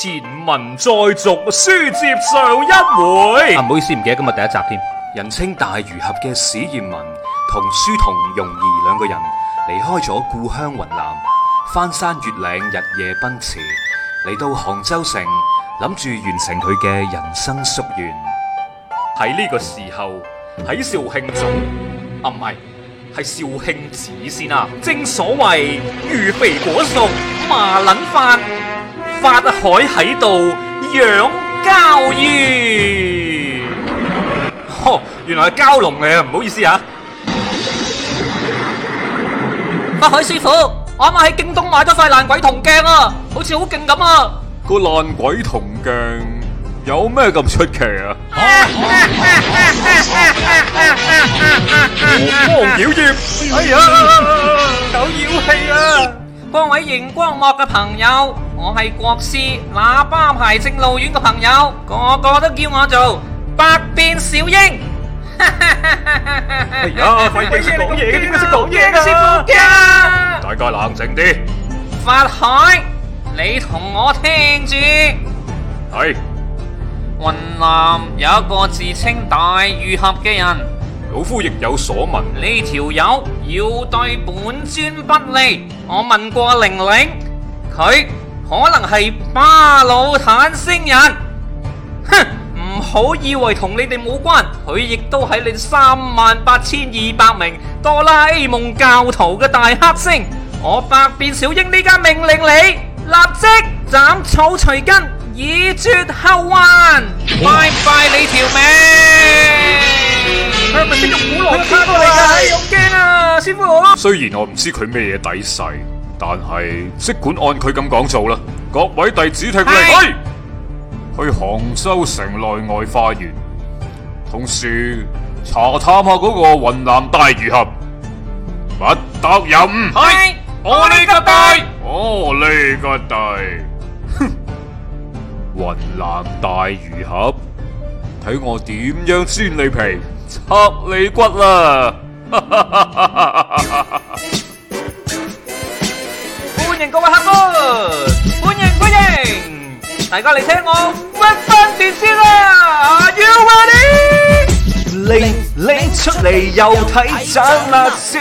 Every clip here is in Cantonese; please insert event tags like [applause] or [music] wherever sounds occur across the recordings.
前文再續，書接上一回。啊，唔好意思，唔記得今日第一集添。人稱大儒俠嘅史豔文同書童容兒兩個人離開咗故鄉雲南，翻山越嶺日夜奔馳，嚟到杭州城，諗住完成佢嘅人生夙願。喺呢個時候，喺肇慶總，啊唔係，係肇慶市先啊。正所謂魚肥果熟，麻捻飯。法海喺度養蛟魚，呵，原來係蛟龍嚟啊！唔好意思啊，法海師傅，我啱啱喺京東買咗塊爛鬼銅鏡啊，好似好勁咁啊！個爛鬼銅鏡有咩咁出奇啊？光妖孽，哎呀，有妖氣啊！各位熒光幕嘅朋友。我係國師喇叭牌正路院嘅朋友，個個都叫我做百變小鷹。而家費事講嘢，點解識講嘢啊？大家冷靜啲。法海，你同我聽住。係雲南有一個自稱大儒俠嘅人，老夫亦有所聞。呢條友要對本尊不利，我問過玲玲，佢。可能係巴魯坦星人，哼，唔好以為同你哋冇關，佢亦都喺你三萬八千二百名哆啦 A 夢教徒嘅大黑星。我百變小櫻呢家命令你，立即斬草除根，以絕後患，拜拜，你條命！佢係咪識用古龍劍？佢嚟架用劍啊，師傅！雖然我唔知佢咩嘢底細。但係，即管按佢咁講做啦，各位弟子聽令，去杭州城內外花園，同時查探下嗰個雲南大儒俠，不得有誤。係我呢個大我呢個大哼，雲、哦哦哦、 [laughs] 南大儒俠，睇我點樣撕你皮、拆你骨啦！ [laughs] [laughs] 大家嚟聽我分分段先啦，啊！Are you ready？領領出嚟又睇獎啦，小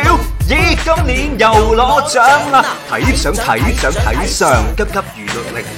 咦今年又攞獎啦，睇相、睇相、睇相，上急急如律令。